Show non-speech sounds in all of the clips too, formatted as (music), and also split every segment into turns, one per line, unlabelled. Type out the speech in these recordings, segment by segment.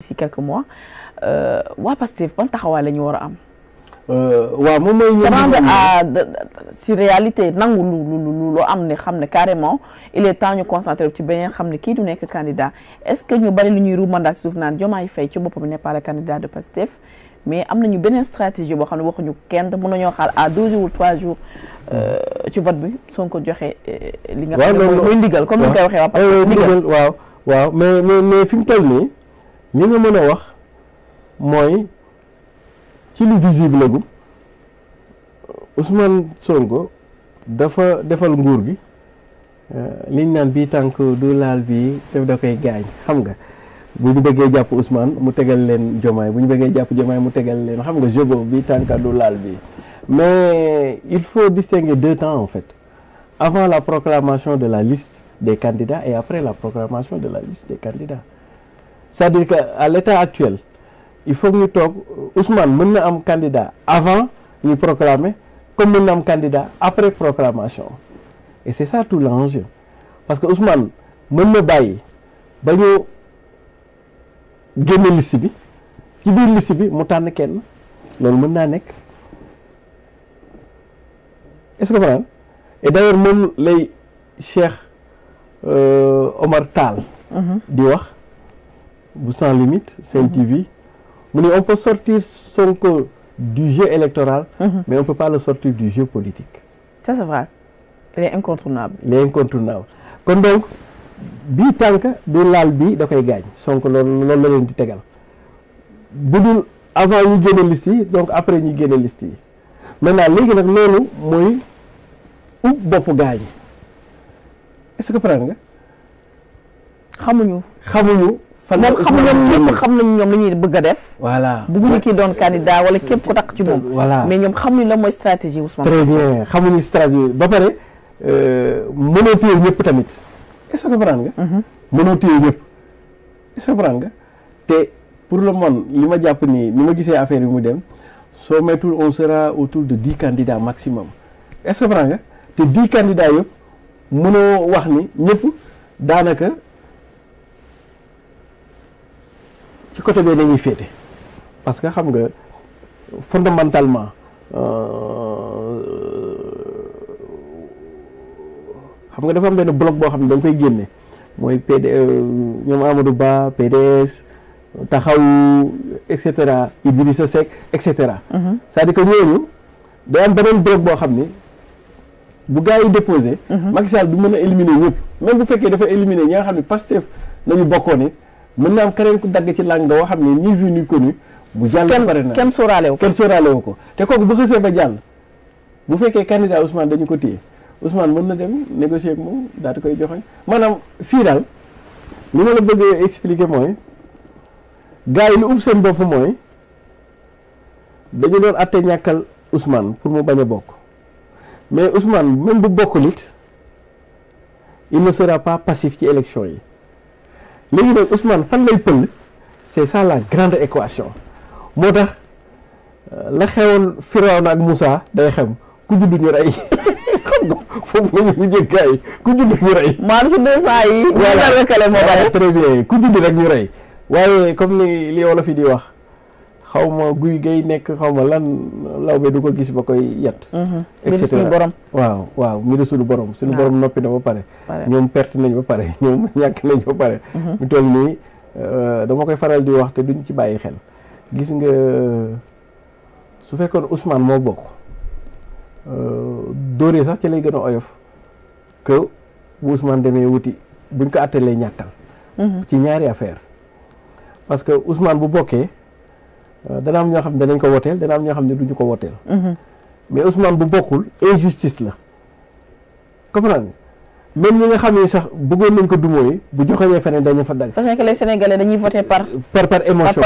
d'ici quelques mois euh, waa Pastef ban la ñu war am. Euh, waaw moom mooy. se nangu lu lu lu am ni xam ne carrément il est temps ñu concentré ci beneen xam ne kii du nekk candidat est que ñu bari lu ñuy ruumandaat ci suuf naan Diomaye Faye ci boppam n'est pas le candidat de Pastef mais am nañu beneen stratégie boo xam ne waxuñu kenn mën nañoo xaar à deux jours ou trois jours euh, ci vote bi soo ko joxee. li nga xam ne mooy ndigal comme ni nga koy waxee.
waaw ndigal waaw mais mais mais fi nii. li nga mën a wax mooy ci lu visible gu Ousmane Sonko dafa defal nguur gi euh, liñ naan bii tànk du laal bii daf da koy gaañ xam nga bu ñu bëggee jàpp Ousmane mu tegal leen Diomaye bu ñu bëggee jàpp Diomaye mu tegal leen xam nga jeu boobu bii tànk du laal bi mais il faut distinguer deux temps en fait avant la proclamation de la liste des candidats et après la proclamation de la liste des candidats c'est-à-dire que à l'état actuel il faut ñu toog Ousmane mën na am candidat avant ñuy proclamer comme mën na am candidat après proclamation et c'est ça tout l'enjeu parce que usman mën na bàyyi ba ñu génne liste bi ci biir liste bi mu tànn kenn loolu mën naa nekk est-ce que maanaam et d'ailleurs moom lay Cheikh euh, Omar Tall mm-hmm. di wax bu sans limite Sen mhm. TV mu ne on peut sortir Sonko du jeu électoral mhm. mais on peut pas le sortir du jeu politique
ça c'est vrai il est incontournable
il est incontournable kon donc bii tànk du laal bi da koy gaañ sonk loolu la leen di tegal bu dul avant ñu génne liste yi donc après ñu génne liste yi maintenant léegi nag loolu mooy ub bopp gaañ
xamuñu xamuñu fan moom xam ñoom nañ ñoom la ñuy bëgg a def. voilà bëgguñu kii doon candidat wala képp ko tax ci moom. voilà mais ñoom xamuñu la mooy stratégie Ousmane. très
bien xamuñu stratégie ba pare euh, mënoo téye ñëpp tamit est-ce mhm. te pour le moment li ma jàpp ni ma gisee affaire yi mu dem soo mettul on sera autour de dix candidats maximum est-ce te di candidats yëpp mënoo wax ni ñëpp daanaka. ci côté na ngi féete parce que xam nga fondamentalement euh, xam nga dafa am benn bloc boo xam ne da koy génne mooy PD euh, ñoom Amadou Ba PDS taxawu et cetera Idrissa Seck et cetera. Mhm. c'est-à-dire que ñooñu day am beneen bloc boo xam ne bu gars yi déposé. Mhm. Macky Sall du mën a éliminer ñëpp même bu fekkee dafa éliminer ñi nga xam ne Pastef nañu bokkoon it mën na am keneen ku dagg ci langue nga xam ne ni vu ni connu bu jàll pare na kenn sóoraale ko kenn sóoraale wu ko te kooku bu xësee ba jàll bu fekkee candidat Ousmane dañu ko téye Ousmane mën na dem négocier ak moom daal di koy joxoñ maanaam fii daal li ma la bëggee expliquer mooy gars yi lu ub seen bopp mooy dañu doon atte ñàkkal Ousmane pour mu bañ a bokk mais Ousmane même bu bokkul it il ne sera pas passif ci élection yi léegi nag Ousmane fan lay pël c'est ça la grande équation moo tax euh, la xewoon Firawna ak Moussa day xam ku judd ñu rey (laughs) xam nga foofu la ñu mujjee yi ku judd ñu rey. maanaam deux cent yi. voilà la lëkkale moo bare. très bien ku judd rek ñu rey waaye comme li li wolof yi di wax. xaw ma guy gay nekk xaw ma lan lawbe du ko gis ba koy yat mhm. et cetera borom waaw waaw mi suñu borom suñu ah. borom noppi na ba pare ñoom perte nañ ba pare (laughs) ñoom ñàkk nañ ba pare mhm. mu toll nii euh, dama koy faral di wax te duñ ci bàyyi xel gis nga su fekkoon Ousmane moo bokk euh, dóoree sax ci lay gën a oyof que bu Ousmane demee wuti buñ ko àttalee ñàkkal mhm. ci ñaari affaire parce que Ousmane bu bokkee Euh, dana am ñoo xam ne danañ ko woteel dana am ñoo xam ne duñu ko woteel mhm. mais Ousmane bu bokkul injustice la comprendre même ñi nga xam ne sax bëggoon nañ ko dumóoy bu joxoñee feneen dañu fa dagg
sachant que les sénégalais dañuy voter par
par par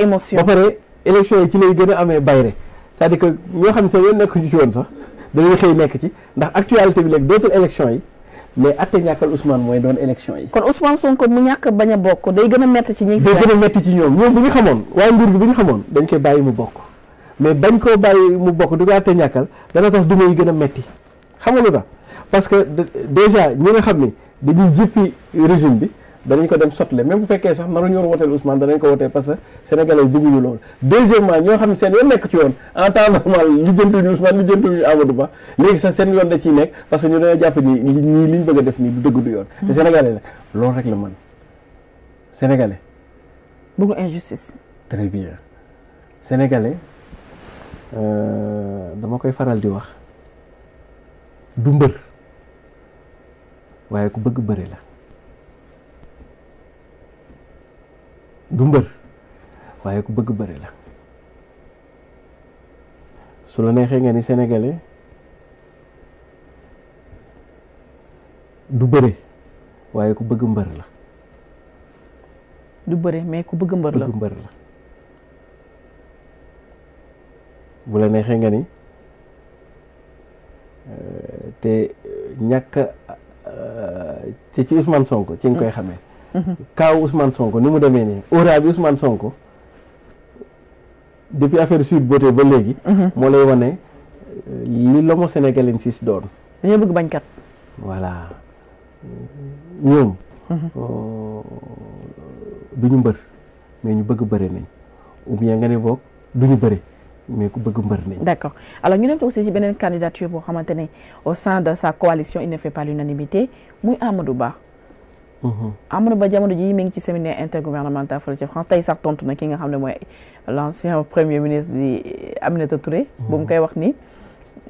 émotion ba pare élection yi ci lay gën a amee bayre c'est-à-dire que ñoo xam ne sax yoon nekk ñu ci woon sax danañ xëy nekk ci ndax actualité bi léegi dootul élection yi mais atte ñàkkal Ousmane mooy doon élection yi.
kon Ousmane Sonko mu ñàkk bañ a bokk day gën a métti ci ñi. day a
métti ñoom ñoom bu ñu xamoon waaye nguur gi bu ñu xamoon dañ koy bàyyi mu bokk mais bañ koo bàyyi mu bokk du ko atte ñàkkal dana tax duma yi gën a métti xam nga lu tax parce que déjà ñi nga xam ni dañuy jëppi régime bi. danañ ko dem sotle même bu fekkee sax naruñu woon woteel Ousmane danañ ko woteel parce que sénégalais yi bëgguñu loolu deuxièmement ñoo xam ne seen yoon nekk ci yoon en temps normal lijjantuñu Ousmane lijjantuñu Amadou Ba léegi sax seen yoon da ciy nekk parce que ñu dañoo jàpp ni ñii liñ bëgg a def nii du dëgg du yoon te mm-hmm. sénégalais loolu rek la mën sénégalais bëggu injustice très bien euh, dama koy faral di wax du mbër waaye ku bëgg bëri la du mbër waaye ku bëgg bëre la su neexee nga ni sénégalais du bëre waaye ku bëgg mbër la.
du bëre mais ku bëgg mbër la bëgg mbër
bu la neexee nga ni euh, te ñàkk ci euh, ci Ousmane Sonko ci nga koy mm. xamee. kaaw Ousmane Sonko ni mu demee nii aura bi Ousmane Sonko depuis affaire Sweet Beauté ba léegi. Mhm. moo lay wane euh, li l'homo sénégalensis doon. dañoo bëgg bañkat. voilà ñoom. Mhm. Euh, du ñu mbër mais ñu bëgg bëre nañ ou bien nga ne boog du ñu bëre. mais ku bëgg mbër nañ. d'
accord alors ñu dem aussi ci beneen candidature boo xamante ne au sein de sa coalition il ne fait pas l'unanimité muy Amadou Ba Amadou Ba jamono jii mi ngi ci séminaire intergouvernemental fële ci France tey sax tontu na ki nga xam ne mooy l'ancien premier ministre di Aminata Touré. Mhm. bu mu koy wax ni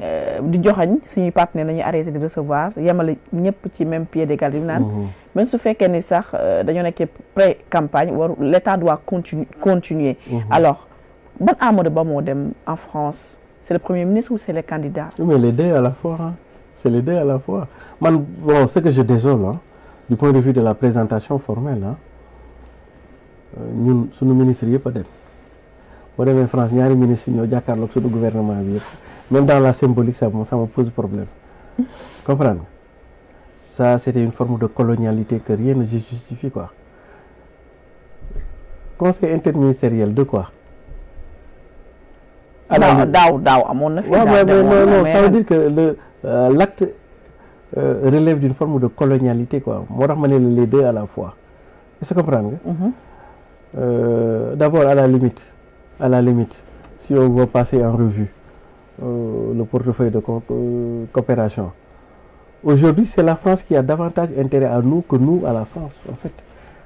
euh, di joxañ suñuy partenaires nañu arrêté di recevoir yemale ñëpp ci même pied d'égalité naan. Mhm. même su fekkee ni sax euh, dañoo nekkee pré campagne war l'état doit continu continuer. Mhm. alors ban Amadou Ba moo dem en France c'est le premier ministre ou c'est les candidats.
oui mais les à la fois ah c'est la fois man bon ce que je désole ah. du point de vue de la présentation formelle ah ñun suñu ministre yëpp a dem boo demee France ñaari ministre ñoo jàkkaarloog suñu gouvernement bi yëpp même dans la symbolique ça ça me pose problème comprendre nga c'était une forme de colonialité que rien ne justifie quoi conseil interministériel de quoi
daaw daaw amoon na fi daaw mais non non ça veut dire
que le euh, l'acte euh, relève d'une forme de colonialité quoi moo tax ma ne la les deux à la fois est-ce que comprendre nga. Mm à la limite à la limite si on veut passer en revue euh, le portefeuille de co euh, coopération aujourd'hui c'est la France qui a davantage intérêt à nous que nous à la France en fait.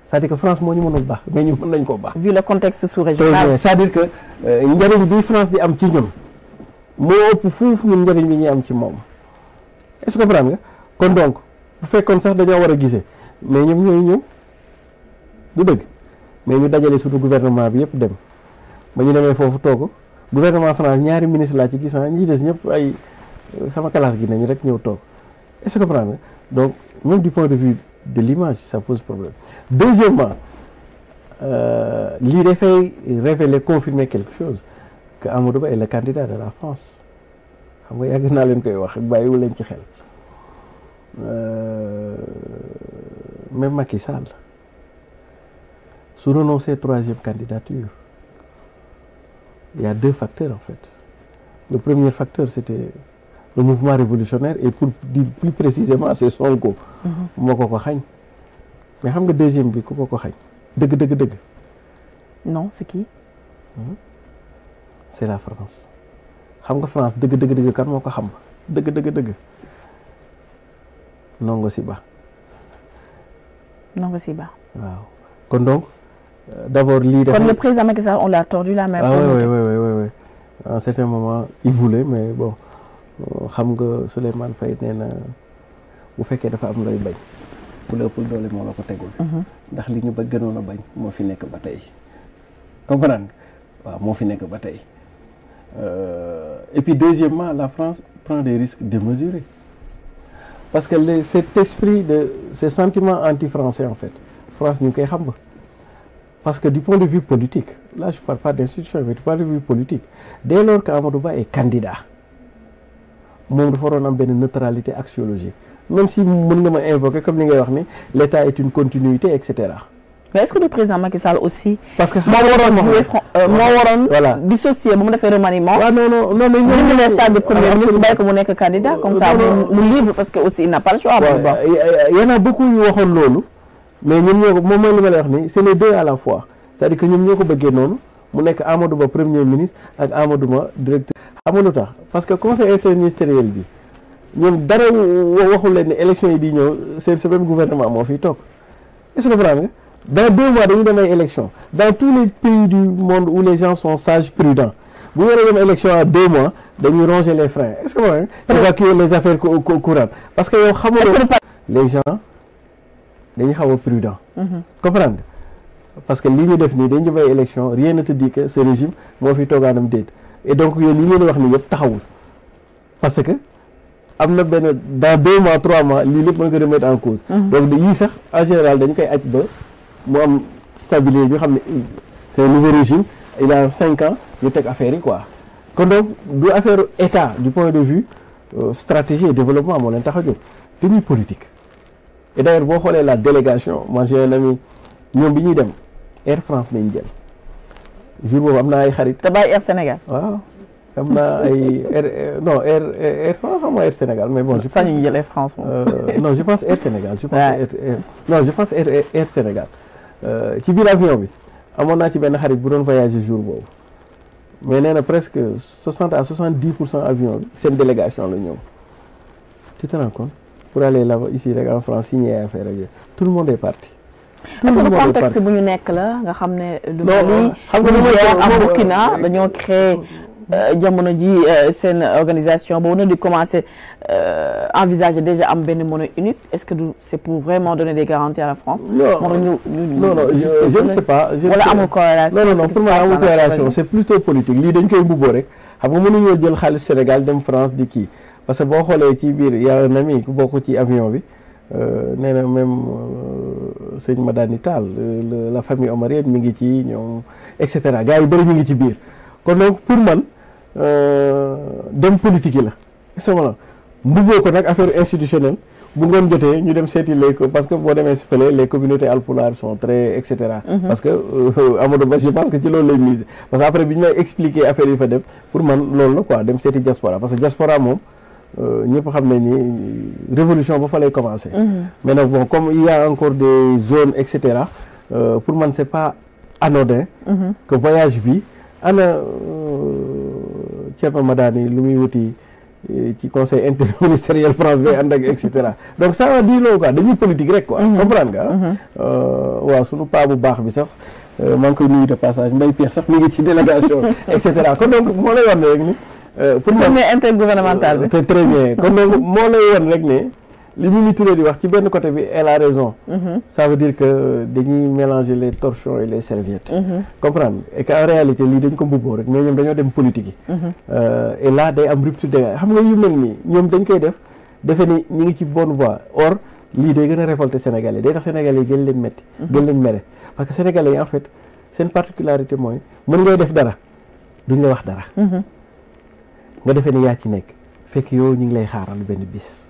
cest dire que France moo ñu mënul baax mais ñu mën nañ ko baax. vu le contexte sous-régional c'est-à-dire que njëriñ bi France di am ci ñun moo ëpp fuuf ñun njëriñ bi ñuy am ci moom kon donc bu fekkoon sax dañoo war a gise mais ñoom ñooy ñëw du dëgg mais ñu dajale surtout gouvernement bi yëpp dem ba ñu demee foofu toog gouvernement France ñaari ministre laa ci gis ah ñi des ñëpp ay euh, sama classe gi nañu rek ñëw toog est-ce que comprendre donc même du point de vue de l'image sa pose problème deuxièmement euh, lii dafay révéler confirmer quelque chose que Amadou Ba est le candidat de la France xam nga yàgg naa leen koy wax bàyyiwu leen ci xel Euh, même Macky Sall su renoncé troisième candidature il y deux facteurs en fait le premier facteur c'était le mouvement révolutionnaire et pour dire plus précisément c'est Sonko mhm. moo ko ko xañ mais xam nga deuxième bi ku ko ko xañ dëgg dëgg dëgg
non c'est qui hmm?
c'est la France xam nga France dëgg dëgg dëgg kan ko xam dëgg dëgg Ndongo Sy Ba. Ndongo Sy Ba. waaw kon donc euh, d' abord lii. dafa kon le
président Macky Sall on l'a tordu la main. ah oui
oui oui oui à un xam nga Souleymane Faye nee bu fekkee dafa am looy bañ. ku la ëppul doole moo la ko tegul. Mhm. ndax li ñu ba gënoon bañ moo fi nekk ba tey. comprendre nga waaw moo fi nekk ba tey euh, et puis deuxièmement la France prend des risques démesurés. parce que le cet esprit de ce sentiment anti-français en fait France ñu ngi koy xam ba parce que du point de vue politique là je parle pas d'institution mais du point de vue politique dès lors que Amadou Ba est candidat moom dafa waroon am benn neutralité axiologique même si mën nga ma invoquer comme ni ngay wax ni
l'État est une continuité et cetera mais est-ce que le président Macky aussi. parce que moo waroon joué euh, moo waroon. voilà dissocié bu mu defee remaniement. waaw non non non mais ñoom premier ah, ministre bàyyi mu nekk candidat comme ça euh, mu que aussi n'a a beaucoup ñu waxoon
loolu. mais ñun ñoo ko moom mooy li wax nii c'est les deux à la fois c'est-à-dire que ñun ñoo ko bëggee noonu mu nekk Amadou Ba premier ministre ak Amadou Ba directeur. amoon na tax parce que conseil interministériel bi ñoom dara waxul leen ne élection yi di ñëw seen sa même gouvernement moo fiy toog dans deux mois dañuy dem ay élection dans tous les pays du monde où les gens sont sages prudents bu waree dem élection à deux les freins est-ce que mooy évacuer les parce que yow xamuloo les xaw a prudent mm-hmm. comprendre parce que li ñu def nii dañu dem ay élection rien ne te dit que ce régime moo fi toogaanam déet et donc yéen li ngeen wax ni yëpp taxawul parce que am na benn dans deux mois trois mois lii lépp mën nga remettre en cause mm-hmm. donc yii sax en général dañ koy aj ba mu am stabilité ñu xam ne c'est nouveau régime il a cinq ans ñu teg affaire yi quoi kon donc du affaire état du point de vue euh, stratégie et développement moo leen tax a jóg dañuy politique et d'ailleurs boo xoolee la délégation man j'ai un ami ñuy dem Air France nañ jël jour boobu am naa ay xarit. te bàyyi Air Sénégal. waaw am naa ay air France xam Air Sénégal mais bon. je pense euh, sax Air Sénégal. je pense pense Air Sénégal. Euh, ci biir avion bi amoon naa ci benn xarit bu doon voyager jour boobu mais nee na presque soixante à soixante dix pour cent avion bi seen délégation la ñëw tu te rends compte pour aller là-bas ici rek en France signer a ak
tout le monde est parti.
tout le monde est parti contexte
bu ñu nekk la nga xam ne. non xam nga lu may wax Burkina euh, dañoo créé. Euh, jamono ji euh, seen organisation boobu nag di commencer euh, envisager déjà am benn monnaie unique est-ce que c'est pour vraiment donner des garanties à la France. non non non
politique lii dañ koy mbubboo rek xam nga mënuñoo jël xaalis Sénégal dem France di kii parce que boo xoolee ci biir yàlla na mi ku bokk ci avion bi. nee na même sëñ Madani Tall la famille omarienne mi ngi ci et cetera gars yu bëri ngi ci biir pour man Euh, dem politique yi la est-ce que mbubboo ko nag affaire institutionnelle bu ngoon jotee ñu dem seeti les parce que boo demee si fële les communautés alpulaar sont très et cetera. Mhm. parce que euh, Amadou Ba je pense que ci loolu lay mise parce que après bi ñu may expliquer affaire yi fa dem pour man loolu la quoi dem seeti diaspora parce que diaspora moom euh, ñëpp xam nañ ni révolution ba fa lay commencer. Mhm. mais nag bon comme il y a encore des zones et pour man c'est pas anodin. Mhm. que voyage bi ana. Thiaba Madani lu muy wuti eh, ci conseil interministériel France bay ànd ak et cetera donc ça va dire loolu quoi dañuy politique rek quoi. Mhm. comprendre nga mhm. euh, waaw sunu paa bu baax bi sax. Euh, maa ngi koy nuyu de passage Mbaye Pierre sax mu ngi ci délégation (laughs) et cetera kon donc moo lay wan rek ni. Euh, pour sommet intergouvernemental moo lay wan rek ne. li Mimi Touré di wax ci benn côté bi elle a raison. Mhm. ça veut dire que dañuy mélanger les torchons et les serviettes. Mhm. comprendre et que en réalité lii dañ ko mbubboo rek mais ñoom dañoo dem politique yi. Mhm. Euh, et là day am rupture de xam nga yu mel nii ñoom dañ koy def defe ni ñu ngi ci bonne voie or lii day gën a révolter Sénégalais day tax Sénégalais gën leen metti. gën leen mere parce que Sénégalais yi en fait seen particularité mooy mën ngay def dara duñ la wax dara. nga defee ni yaa ci nekk fekk yow ñu ngi lay xaaral benn bis.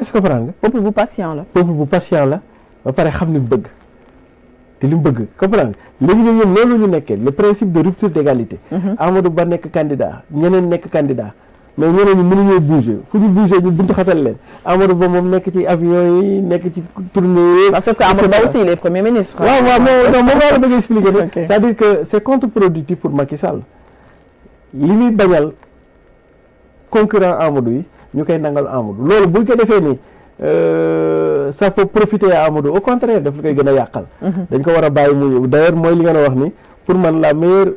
est-ce que comprendre
nga. bu patient la.
peuple bu patient la ba pare xam li mu bëgg te li mu bëgg comprendre nga léegi nag ñoom loolu ñu nekkee le principe de rupture d'égalité. Mhm. Amadou Ba nekk candidat ñeneen nekk candidat. mais ñeneen ñi mënuñoo bouger fu ñu bouger ñu buntu xatal leen Amadou Ba moom nekk ci avion yi nekk ci tournée yi.
parce que Amadou Ba aussi il est premier ministre. waaw waaw mais non moom laa bëgg expliquer rek. c'est-à-dire
que c'est contre-productif pour Macky Sall. li muy bañal concurrent Amadou yi. ñu koy nangal Amadou loolu buñ ko defee nii euh, ça peut profiter à Amadou au contraire daf koy gën a yàqal. Mhm. dañ ko war a bàyyi mu d'ailleurs mooy li nga wax ni pour man la meilleure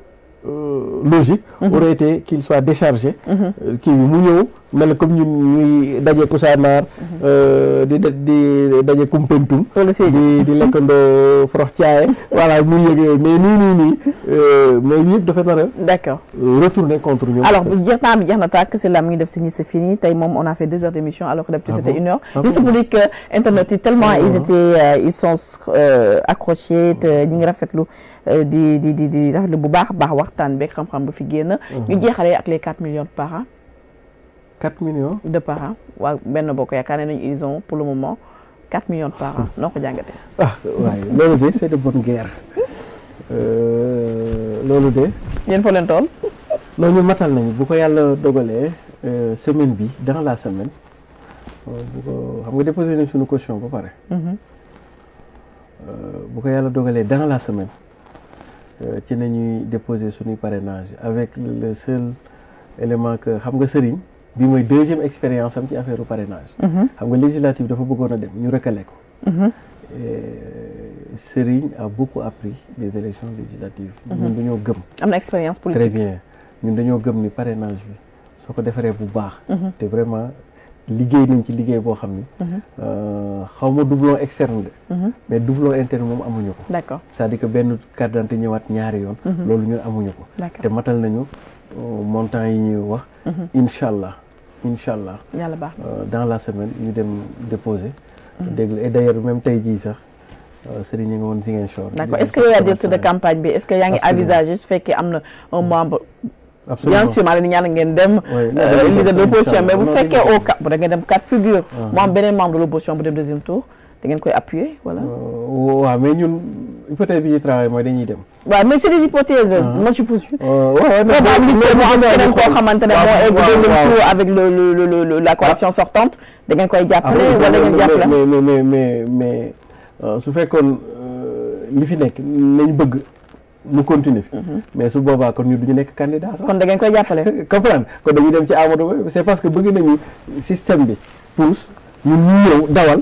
euh, logique. Mhm. aurait été qu'il soit déchargé. Mhm. Euh, kii bi mu ñëw. mel comme ñun ñuy daje Kousanaar. Mhm. Euh, di di daje Koumpentoum. di di lekkandoo forox caaye. (laughs) voilà muy yëg yooyu mais nii nii nii euh, mais yëpp dafa nar a. d' accord retourner contre ñoom. alors
jeex naa bi jeex na tàkk si la mu ngi def si ñi c'est fini tey moom on a fait deux heures d' émission alors que d'habitude ah c'était une heure. Ah juste pour dire que internet yi tellement ah ils étaient euh, ils te ñi ngi rafetlu di di di di rafetlu bu baax a baax waxtaan beeg xam-xam bu fi génn. ñu jeexalee ak les 4 millions de 4 millions de par an waaw benn bokk yaakaar ne nañu ils ont pour le moment 4 millions de par an ah. ko jàngatee.
ah waaye loolu de c' est tool. loolu matal nañu bu ko yàlla dogalee euh, semaine bi dans la semaine euh, bu ko xam nga déposé nañ suñu caution ba pare. Mhm. Euh, bu ko yàlla dogalee dans la semaine ci nañuy déposé suñuy parrainage avec le seul élément que xam nga sëriñ. bi mooy deuxième expérience am ci affaire parrainage. Mhm. xam nga législative dafa bëggoon a dem ñu recalé ko. Mhm. Euh, Serigne a beaucoup appris des élections législatives. Mhm. ñun dañoo gëm.
am na expérience politique très bien
ñun dañoo gëm ni parrainage bi soo ko defaree bu baax. te vraiment liggéey nañ ci liggéey boo xam ni. Euh, xaw ma doublon externe de. mais doublon interne moom amuñu ko. d'accord c'est-à-dire que benn carte d'identité ñëwaat ñaari yoon. loolu ñun amuñu ko. te matal nañu. montant yi ñuy wax. Mhm. incha allah incha allah. yàlla euh, dans la semaine ñu dem déposer. Mhm. dégg et d' ailleurs même tey jii sax euh, sëriñ ñu ngi woon Ziguinchor. d' accord est ce que yow yaa directeur de
campagne bi est ce que yaa ngi envisager su fekkee am na un mm. membre.
absolument bien sûr maa
leen ñaan ngeen dem. leader euh, de l'opposition mais bu fekkee au cas bu da ngeen dem quatre figures. Ah. mu am beneen membre de l' tour da ngeen koy appuyer voilà.
waaw mais ñun. hypothèse bi ñuy travail mooy dañuy dem.
waaw mais c'est des hypothèses. Ah. ma je pense. waaw waaw mais am koo xamante ne moo egg deuxième tour avec le le le le la ah. coalition sortante da ngeen koy jàppale. Ah, wala da ngeen jàppale mais
mais mais mais mais euh, su fekkoon euh, li fi nekk nañ bëgg. mu continuer fi. Mhm. mais su boobaa kon ñu duñu nekk candidat sax. kon da ngeen koy jàppale. (laughs) comprendre kon dañuy dem ci Amadou Ba c'est parce que bëgg nañu système bi pousse ñu ñëw dawal.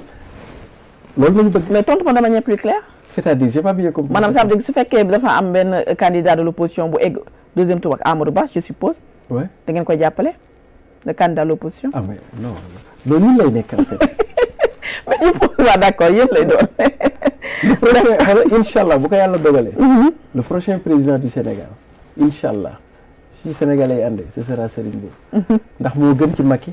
loolu la ñu bëgg. mais
tontu ma de manière plus claire.
c'est-à-dire j'ai pas bien compris. maanaam ça veut dire
su fekkee dafa am benn candidat de l'opposition bu egg deuxième tour ak Amadou Ba je suppose. oui da ngeen koy jàppale. le candidat de l'opposition. ah
mais non non ñun lay nekk en fait. (laughs) mais il faut waaw ah, d'accord yéen lay doon. (laughs) le prochain xanaa ah, incha allah bu ko yàlla dogalee. Mm-hmm. le prochain président du Sénégal incha allah si sénégalais yi àndee ce sera Serigne Boye. Mm-hmm. ndax moo gën ci Macky.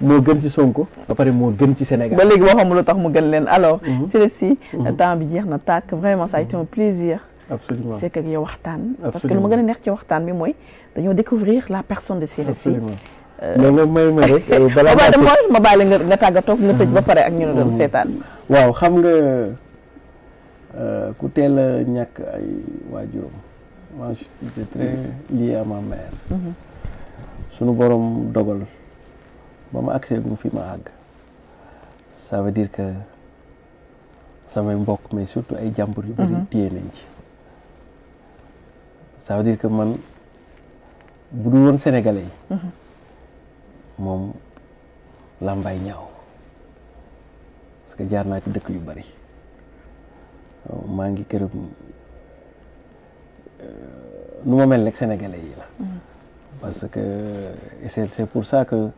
moo gën ci Sonko ba pare moo gën ci Sénégal. ba léegi
waxam lu tax mu gën leen mhm. si Sélesty mhm. temps bi jeex na tàkk vraiment ça a été mhm. un plaisir. absolument c'est que yow waxtaan. parce que lu ma gën a neex ci waxtaan bi mooy dañoo découvrir la personne de Sélesty.
Euh, mais nga may ma euh, balaa (laughs) maa tëj
ma baale nga nga tàggatoo nga tëj ba pare ak ñu ne doon seetaan.
waaw xam nga euh, ku teel a ñàkk ay waajuram. moi je suis très ma mère. sunu borom dogal. ba ma accès gu ma fi ma àgg ça veut dire que samay mbokk mais surtout ay jàmbur yu bari mhm. téye nañ ci ça veut dire que man bu dul woon sénégalais mhm. moom làmbaay ñaaw parce que jaar naa ci dëkk yu bari maa ngi këram euh, nu ma mel rek sénégalais yi la mhm. parce que c'est pour ça que